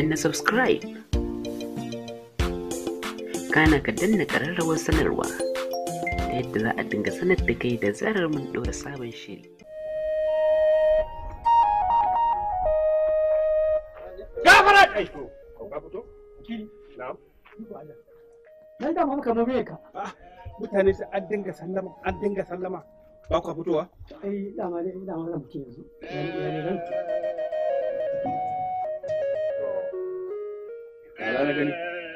danna subscribe kana ka danna ƙararrawar sanarwa ta yadda za a dinga sanar da kai da zarar mun ɗora sabon shiri gafara ka fito ki nan da ka ah, mutane an dinga sallama an dinga sallama ba fitowa eh dama dama yanzu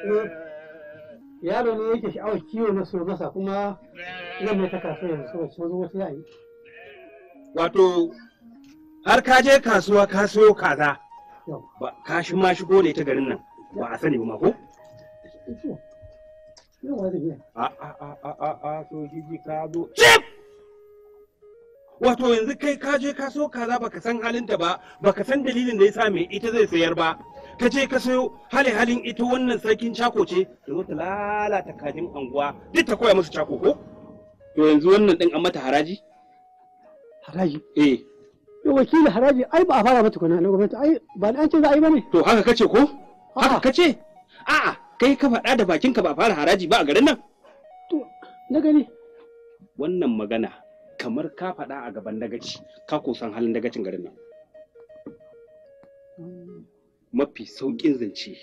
Eh, yaro ne yake sha'awar kiwo na so masa kuma nan ne ta kasuwa yanzu saboda sun zo wata yayi wato har ka je kasuwa ka sayo kaza ba ka shi ma shigo ne ta garin nan ba a sani ba ma ko a a a a a so jiji ka zo chip wato yanzu kai ka je ka so kaza baka san halinta ba baka san dalilin da yasa me ita zai sayar ba ka je ka sayo hali halin ita wannan sarkin cako ce ta zo ta lalata kajin anguwa duk ta koya musu cako ko to yanzu wannan din an mata haraji haraji eh to wakili haraji ai ba a fara mata kuna na gwamnati ai ba an ce za a yi bane to haka kace ko haka kace a'a kai ka faɗa da bakinka ba a fara haraji ba a garin nan to na gani wannan magana kamar ka faɗa a gaban dagaci ka kusan halin dagacin garin nan mafi sauƙin zance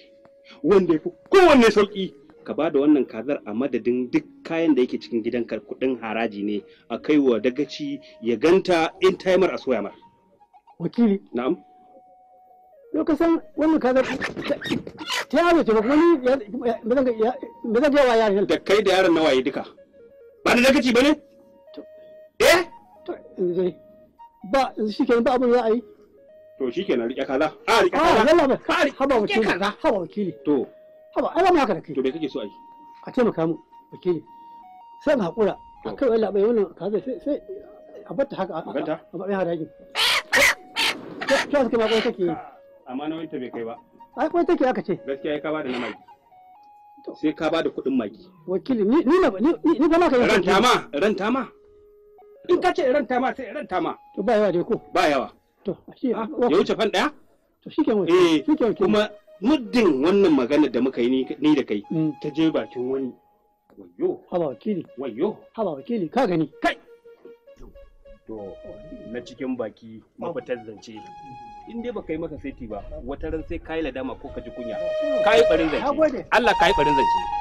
wanda yafi kowanne sauƙi ka ba da wannan kazar a madadin duk kayan da yake cikin gidanka kuɗin haraji ne a kai wa dagaci ya ganta in taimar a soya mar wakili na'am yau ka san wannan kazar ta yaro ce ba wani ba zan yawa yaron da kai da yaron nawaye duka ba da dagaci ba ne eh ba shi kenan ba abin za a yi to shi kenan kaza a riƙe ah, kaza a yalla ba ka haba wakili kaza haba wakili to haba ai ba haka da kai to me kake so ai a ce maka mu wakili sai mu hakura akai wala bai wannan kaza sai sai a batta haka a batta a batta haka yake to suka ma kai take amma nauyin ta bai kai ba ai kai take aka ce gaskiya ai ka bada namaki sai ka bada kuɗin maki wakili ni ni ni ba ma kai ranta ma ranta ma in ka ce ranta ma sai ranta ma to ba yawa dai ko ba yawa To, ah, ya wuce fan ɗaya? To, shi ke Eh, kuma muddin wannan magana da muka yi ni da kai mm. ta je bakin wani. Wayo. Haba wakili. Wayo. Haba wakili, ka gani. Kai. To, na cikin baki mafitar zance. In dai baka yi maka saiti ba, wata ran sai ka yi ladama ko ka ji kunya. Oh. Ka yi ɓarin zance. Allah ka yi ɓarin zance.